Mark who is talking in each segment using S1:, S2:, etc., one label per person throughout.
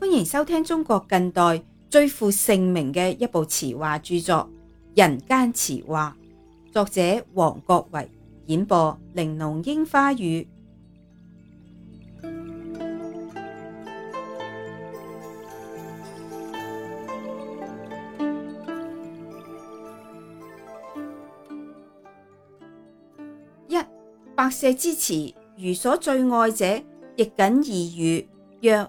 S1: 歡迎收聽中國近代最負盛名嘅一部詞話著作《人間詞話》，作者王國維，演播玲瓏櫻花雨。一白石之詞，余所最愛者，亦僅二語，曰。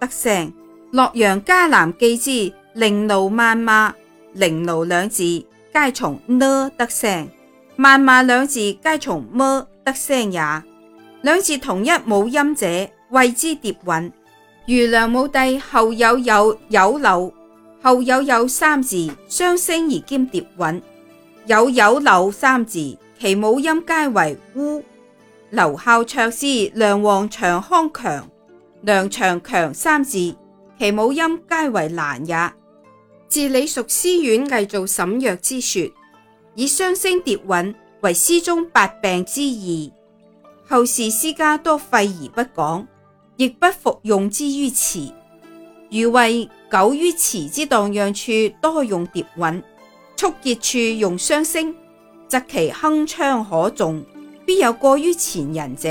S1: 得聲，洛陽伽藍記之獰奴慢罵，獰奴兩字皆從呢得聲，慢罵兩字皆從麼得聲也。兩字同一母音者，謂之疊韻。如梁武帝後牖有朽柳，後牖有三字雙聲而兼疊韻，有朽柳三字其母音皆為烏。劉孝綽之，梁王長康強。梁長強三字，其母音皆為難也。自李淑詩苑，偽造沈約之說，以雙聲疊韻為詩中八病之二。後世詩家多廢而不講，亦不復用之於詞。余謂苟於詞之蕩漾處多用疊韻，促結處用雙聲，則其鏗鏘可誦，必有過於前人者。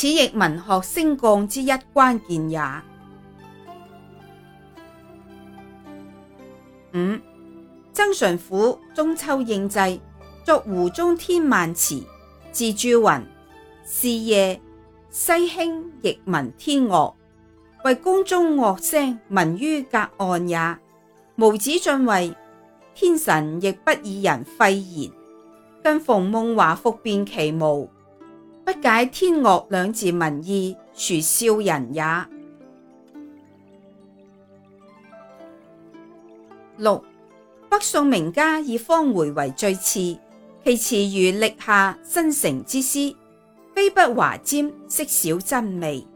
S1: 此亦文學升降之一關鍵也。五，曾純甫中秋應制，作壺中天慢詞，自注云：是夜西興亦聞天樂，謂宮中樂聲聞於隔岸也。毛子晉謂，天神亦不以人廢言。近馮夢華復辨其誣。不解天樂兩字文義，殊笑人也。六，北宋名家以方回為最次，其詞如歷下新城之詩，非不華瞻，惜少真味。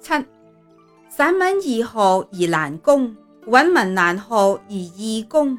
S1: 七，散文易學而難工，韻文難學而易工。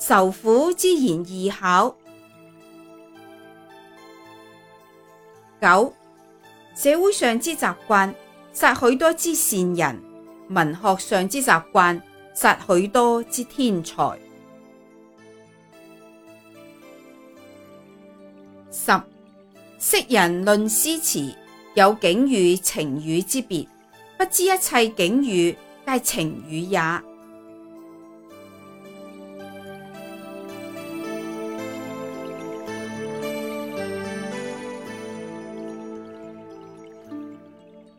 S1: 愁苦之言易巧。九，社會上之習慣，殺許多之善人；文學上之習慣，殺許多之天才。十，昔人論詩詞，有景語情語之別，不知一切景語皆情語也。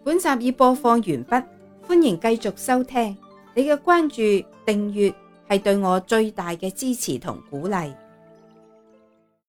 S1: 本集已播放完畢，歡迎繼續收聽。你嘅關注、訂閱係對我最大嘅支持同鼓勵。